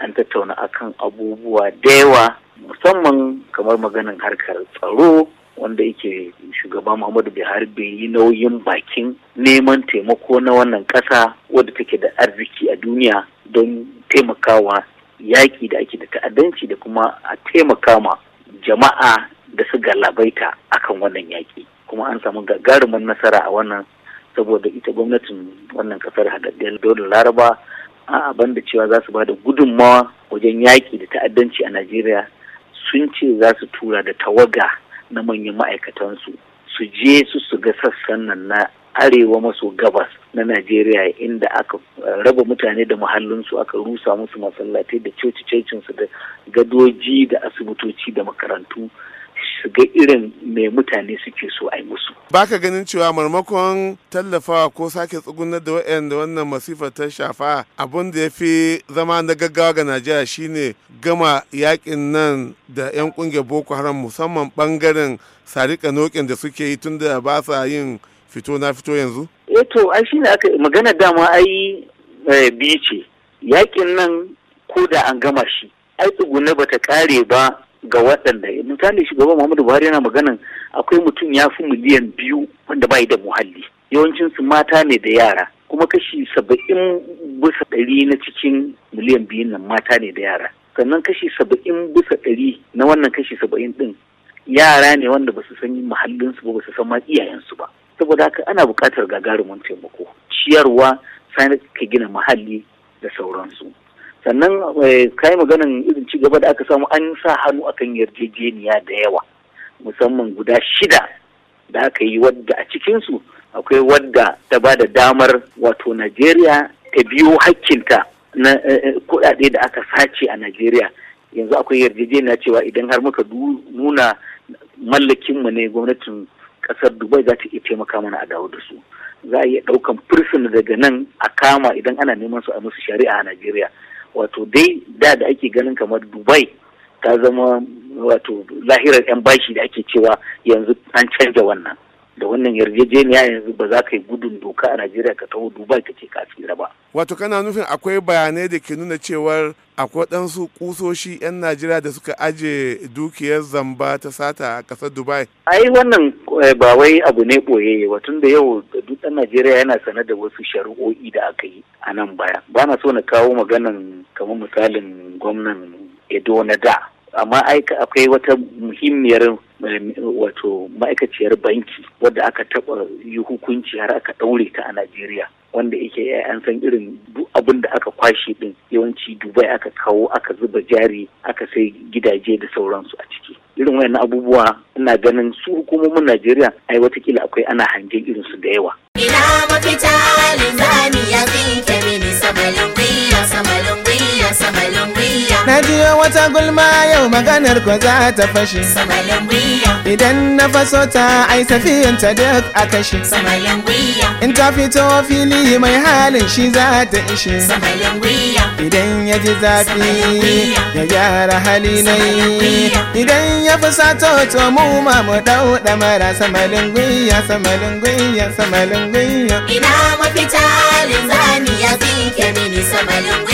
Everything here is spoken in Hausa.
an tattauna akan abubuwa da yawa musamman kamar maganin harkar tsaro wanda yake shugaba muhammadu buhari bai yi nauyin bakin neman taimako na wannan ƙasa wadda take da arziki a duniya don taimakawa yaƙi da ake da ta'addanci da kuma a taimaka ma jama'a da su galabaita akan wannan yaƙi kuma an samu gagarumin nasara a wannan saboda ita gwamnatin wannan ƙasar haɗaɗɗen dole laraba a'a banda cewa za su ba da gudunmawa wajen yaƙi da ta'addanci a najeriya sun ce za su tura da tawaga na manyan ma'aikatansu su je su su ga sassan nan na arewa maso gabas na najeriya inda aka raba mutane da muhallinsu aka rusa musu masallatai da coci-cocinsu da gadoji da asibitoci da makarantu su ga irin mai mutane suke so a yi musu. Baka ganin cewa marmakon tallafawa ko sake tsugunar da waɗanda wannan masifa ta shafa abin da ya fi zama na gaggawa ga Najeriya shine gama yakin nan da 'yan ƙungiyar Boko Haram musamman bangaren sarika nokin da suke yi tun da ba sa yin fito na fito yanzu? Eto, eh ai shine aka magana dama ai eh, biyu ce. Yakin nan ko da an gama shi, ai tsuguna ta kare ba ga waɗanda misali shugaban muhammadu buhari yana maganan akwai mutum ya fi miliyan biyu wanda bai da muhalli yawancinsu mata ne da yara kuma kashi saba'in bisa ɗari na cikin miliyan biyun nan mata ne da yara sannan kashi saba'in bisa ɗari na wannan kashi saba'in ɗin yara ne wanda ba su san muhallinsu ba ba su san ma iyayensu ba saboda haka ana buƙatar gagarumin taimako ciyarwa sai ka gina muhalli da sauransu sannan eh, kai maganin irin ci gaba da aka samu an sa hannu akan yarjejeniya da yawa musamman guda shida da aka yi wadda a cikinsu akwai wadda ta ba da damar wato najeriya ta biyo hakkinta na eh, eh, kudade da aka sace a najeriya yanzu akwai yarjejeniya cewa idan har muka nuna mallakin mu ne gwamnatin kasar dubai za ta iya taimaka mana a dawo da su za a iya ɗaukan fursuna daga nan a kama idan ana neman su a musu shari'a a najeriya wato dai da da ake ganin kamar dubai ta zama wato lahirar 'yan bashi da ake cewa yanzu an canja wannan da wannan yarjejeniya yanzu ba za ka yi gudun doka a najeriya ka taho Dubai ka ce ka tsira ba wato kana nufin akwai bayanai da ke nuna cewar akwai ɗansu kusoshi 'yan najeriya da suka aje dukiyar zamba ta sata a ƙasar dubai ai wannan eh, ba wai abu ne ɓoye tun da yau duk ɗan najeriya yana sane da wasu shari'o'i da aka yi a nan baya ba na so na kawo maganan kamar misalin gwamnan edo na da amma ai akwai wata muhimmiyar wato ma'aikaciyar banki wadda aka taɓa yi hukunci har aka ɗaure ta a Najeriya. wanda yake eh, an san irin duk abin da aka kwashe din yawanci dubai aka kawo aka zuba jari aka sai gidaje da sauransu a ciki irin wayannan abubuwa ina ganin su hukumomin najeriya ai watakila akwai ana hangen irin su da yawa ina mafita wata gulma yau maganar ko za ta fashe idan na faso ta ai safiyan ta duk a kashe in ta fito fili mai halin shi za ta ishe idan ya ji zafi ya gyara hali nai idan ya fi sato to mu ma mu dau mara samalin gwiya samalin gwiya samalin gwiya ina mafita linzani ya fi mini samalin gwiya